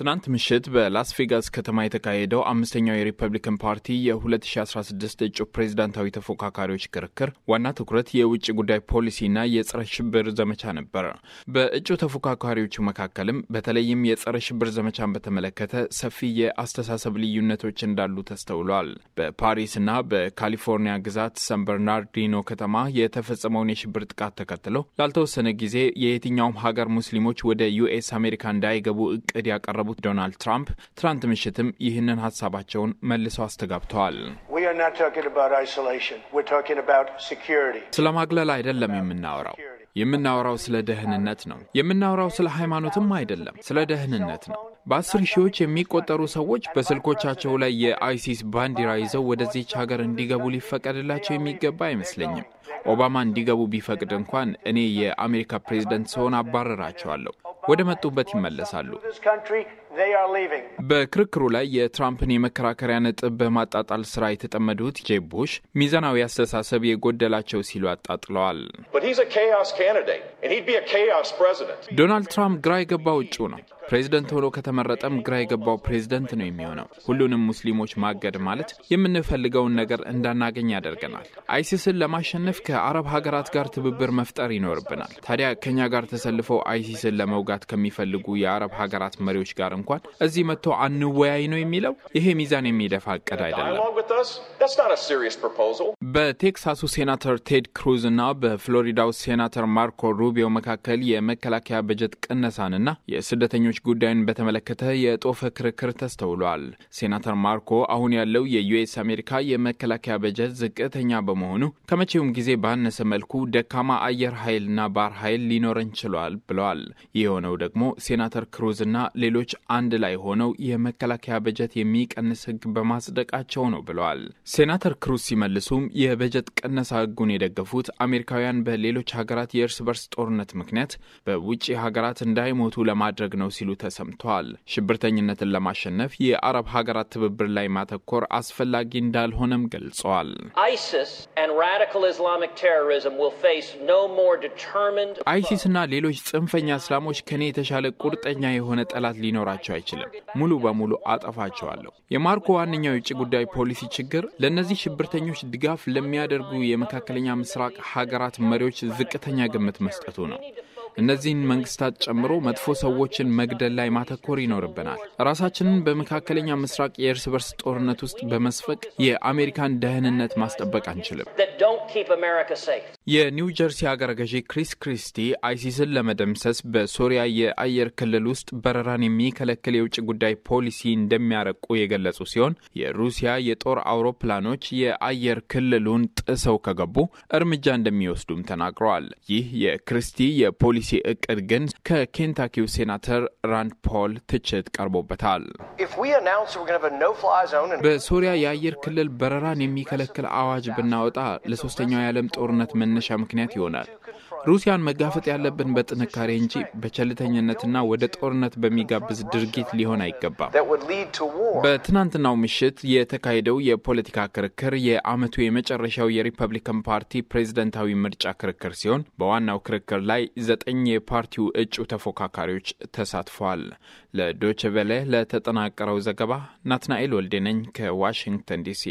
ትናንት ምሽት በላስ ቬጋስ ከተማ የተካሄደው አምስተኛው የሪፐብሊካን ፓርቲ የ2016 እጩ ፕሬዝዳንታዊ ተፎካካሪዎች ክርክር ዋና ትኩረት የውጭ ጉዳይ ፖሊሲና የጸረ ሽብር ዘመቻ ነበር። በእጩ ተፎካካሪዎቹ መካከልም በተለይም የጸረ ሽብር ዘመቻን በተመለከተ ሰፊ የአስተሳሰብ ልዩነቶች እንዳሉ ተስተውሏል። በፓሪስና በካሊፎርኒያ ግዛት ሰንበርናርዲኖ ከተማ የተፈጸመውን የሽብር ጥቃት ተከትሎ ላልተወሰነ ጊዜ የየትኛውም ሀገር ሙስሊሞች ወደ ዩኤስ አሜሪካ እንዳይገቡ እቅድ ያቀረቡት ዶናልድ ትራምፕ ትናንት ምሽትም ይህንን ሀሳባቸውን መልሰው አስተጋብተዋል። ስለ ማግለል አይደለም የምናወራው የምናወራው ስለ ደህንነት ነው። የምናወራው ስለ ሃይማኖትም አይደለም፣ ስለ ደህንነት ነው። በአስር ሺዎች የሚቆጠሩ ሰዎች በስልኮቻቸው ላይ የአይሲስ ባንዲራ ይዘው ወደዚች ሀገር እንዲገቡ ሊፈቀድላቸው የሚገባ አይመስለኝም። ኦባማ እንዲገቡ ቢፈቅድ እንኳን እኔ የአሜሪካ ፕሬዝደንት ስሆን አባረራቸዋለሁ። ወደ መጡበት ይመለሳሉ። በክርክሩ ላይ የትራምፕን የመከራከሪያ ነጥብ በማጣጣል ስራ የተጠመዱት ጄብ ቡሽ ሚዛናዊ አስተሳሰብ የጎደላቸው ሲሉ አጣጥለዋል። ዶናልድ ትራምፕ ግራ የገባው እጩ ነው። ፕሬዚደንት ሆኖ ከተመረጠም ግራ የገባው ፕሬዚደንት ነው የሚሆነው። ሁሉንም ሙስሊሞች ማገድ ማለት የምንፈልገውን ነገር እንዳናገኝ ያደርገናል። አይሲስን ለማሸነፍ ከአረብ ሀገራት ጋር ትብብር መፍጠር ይኖርብናል። ታዲያ ከኛ ጋር ተሰልፈው አይሲስን ለመውጋት ከሚፈልጉ የአረብ ሀገራት መሪዎች ጋር እንኳን እዚህ መጥቶ አንወያይ ነው የሚለው ይሄ ሚዛን የሚደፋ እቅድ አይደለም። በቴክሳሱ ሴናተር ቴድ ክሩዝ እና በፍሎሪዳው ሴናተር ማርኮ ሩቢዮ መካከል የመከላከያ በጀት ቅነሳንና የስደተኞች ጉዳይን በተመለከተ የጦፈ ክርክር ተስተውሏል። ሴናተር ማርኮ አሁን ያለው የዩኤስ አሜሪካ የመከላከያ በጀት ዝቅተኛ በመሆኑ ከመቼውም ጊዜ ባነሰ መልኩ ደካማ አየር ኃይልና ባህር ኃይል ሊኖረን ችሏል ብለዋል። የሆነው ደግሞ ሴናተር ክሩዝ እና ሌሎች አንድ ላይ ሆነው የመከላከያ በጀት የሚቀንስ ህግ በማጽደቃቸው ነው ብለዋል። ሴናተር ክሩስ ሲመልሱም የበጀት ቅነሳ ህጉን የደገፉት አሜሪካውያን በሌሎች ሀገራት የእርስ በርስ ጦርነት ምክንያት በውጭ ሀገራት እንዳይሞቱ ለማድረግ ነው ሲሉ ተሰምተዋል። ሽብርተኝነትን ለማሸነፍ የአረብ ሀገራት ትብብር ላይ ማተኮር አስፈላጊ እንዳልሆነም ገልጸዋል። አይሲስና ሌሎች ጽንፈኛ እስላሞች ከኔ የተሻለ ቁርጠኛ የሆነ ጠላት ሊኖራቸው ሊያጠፋቸው አይችልም። ሙሉ በሙሉ አጠፋቸዋለሁ። የማርኮ ዋነኛው የውጭ ጉዳይ ፖሊሲ ችግር ለእነዚህ ሽብርተኞች ድጋፍ ለሚያደርጉ የመካከለኛ ምስራቅ ሀገራት መሪዎች ዝቅተኛ ግምት መስጠቱ ነው። እነዚህን መንግስታት ጨምሮ መጥፎ ሰዎችን መግደል ላይ ማተኮር ይኖርብናል። ራሳችንን በመካከለኛ ምስራቅ የእርስ በርስ ጦርነት ውስጥ በመስፈቅ የአሜሪካን ደህንነት ማስጠበቅ አንችልም። የኒው ጀርሲ አገረ ገዢ ክሪስ ክሪስቲ አይሲስን ለመደምሰስ በሶሪያ የአየር ክልል ውስጥ በረራን የሚከለክል የውጭ ጉዳይ ፖሊሲ እንደሚያረቁ የገለጹ ሲሆን የሩሲያ የጦር አውሮፕላኖች የአየር ክልሉን ጥሰው ከገቡ እርምጃ እንደሚወስዱም ተናግረዋል። ይህ የክሪስቲ የፖሊ የፖሊሲ እቅድ ግን ከኬንታኪው ሴናተር ራንድ ፖል ትችት ቀርቦበታል። በሶሪያ የአየር ክልል በረራን የሚከለክል አዋጅ ብናወጣ ለሶስተኛው የዓለም ጦርነት መነሻ ምክንያት ይሆናል። ሩሲያን መጋፈጥ ያለብን በጥንካሬ እንጂ በቸልተኝነትና ወደ ጦርነት በሚጋብዝ ድርጊት ሊሆን አይገባም። በትናንትናው ምሽት የተካሄደው የፖለቲካ ክርክር የዓመቱ የመጨረሻው የሪፐብሊካን ፓርቲ ፕሬዝደንታዊ ምርጫ ክርክር ሲሆን በዋናው ክርክር ላይ ዘጠኝ የፓርቲው እጩ ተፎካካሪዎች ተሳትፈዋል። ለዶችቬሌ ለተጠናቀረው ዘገባ ናትናኤል ወልዴነኝ ከዋሽንግተን ዲሲ